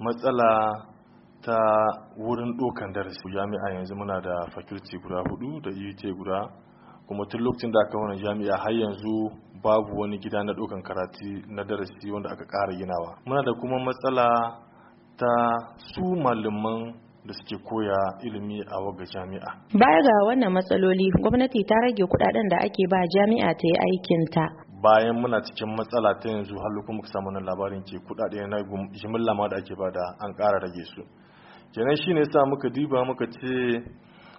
matsala ta wurin ɗaukan darasi jami'a yanzu muna da faculty guda hudu da e ut guda kuma tun lokacin da aka wani jami'a har yanzu babu wani gida na ɗaukan karatu na darasi wanda aka ƙara ginawa muna da kuma matsala ta su malaman da suke koya ilimi a waga jami'a. Baya ga wannan matsaloli, gwamnati ta rage kudaden da ake ba jami'a ta yi aikinta bayan muna cikin matsala ta yanzu har kuma muka samu nan labarin ke kudade na jimilla ma da ake bada an ƙara rage su kenan shine yasa muka diba muka ce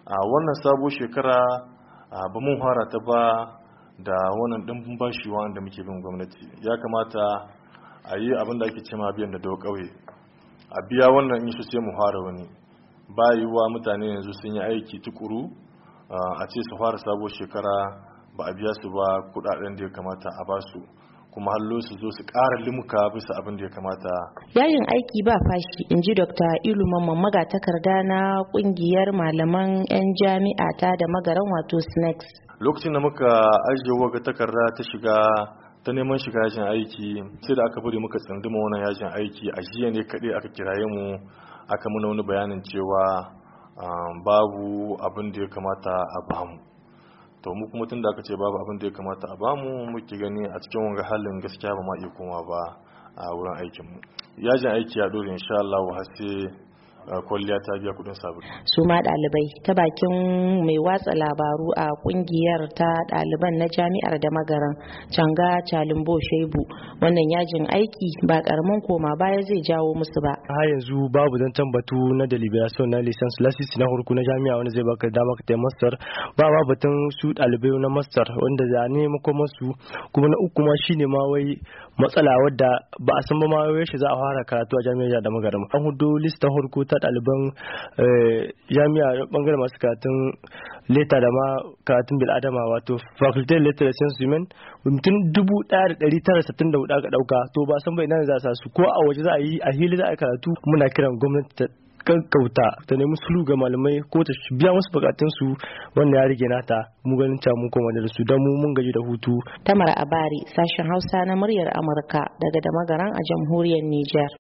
a wannan sabo shekara ba mun fara ta ba da wannan dimbin bashi wanda muke bin gwamnati ya kamata a yi abin da ake cema biyan da dawo kauye a biya wannan in sai mu hara wani ba yiwuwa mutane yanzu sun yi aiki tukuru a ce su fara sabo shekara ba a biya su ba kudaden da ya kamata a ba su kuma hallo su zo su ƙara limuka bisa abin da ya kamata. Yayin aiki ba fashi in ji Dr. Ilu Mamman magatakarda na ƙungiyar malaman 'yan jami'a ta da magaran wato snacks. E Lokacin da muka ajiye waga takarda ta shiga ta neman shiga yajin aiki sai da aka bari muka tsanduma wannan yajin aiki a jiya ne kaɗai aka kiraye mu aka muna wani bayanin cewa ah, babu abin da ya kamata a bamu. to mu kuma tunda aka ce babu abin da ya kamata a bamu muke gani a cikin wanga halin gaskiya ba ma iya koma ba a wurin aikin mu yajin aiki a dole insha Allah wa hasse kwalliya ta biya kudin sabulu. su ma ɗalibai ta bakin mai watsa labaru a kungiyar ta ɗaliban na jami'ar da magaran canga calimbo shaibu wannan yajin aiki ba karamin koma baya zai jawo musu ba har yanzu babu zancen tambatu na deliberation na license lasisi na hurku na jami'a wanda zai baka dama ka master ba ba batun su ɗalibai na master wanda za ne mako masu kuma na uku ma shine ma wai matsala wadda ba a san ba ma wai shi za a fara karatu a jami'ar da magaran an hudo list hurku ta ɗaliban eh, jami'a bangaren masu karatun leta da ma karatun bil'adama wato faculty leta da science women mutum dubu ɗaya da ɗari tara sittin da huɗu aka ɗauka to ba san bai nan za a sasu ko a waje za a yi a hili za a karatu muna kiran gwamnati ta kankauta ta nemi sulu ga malamai ko ta biya musu su wanda ya rige nata mu ganin ta mu koma da su dan mu mun gaji da hutu tamara abari sashen hausa na muryar amurka daga da a jamhuriyar Nijar.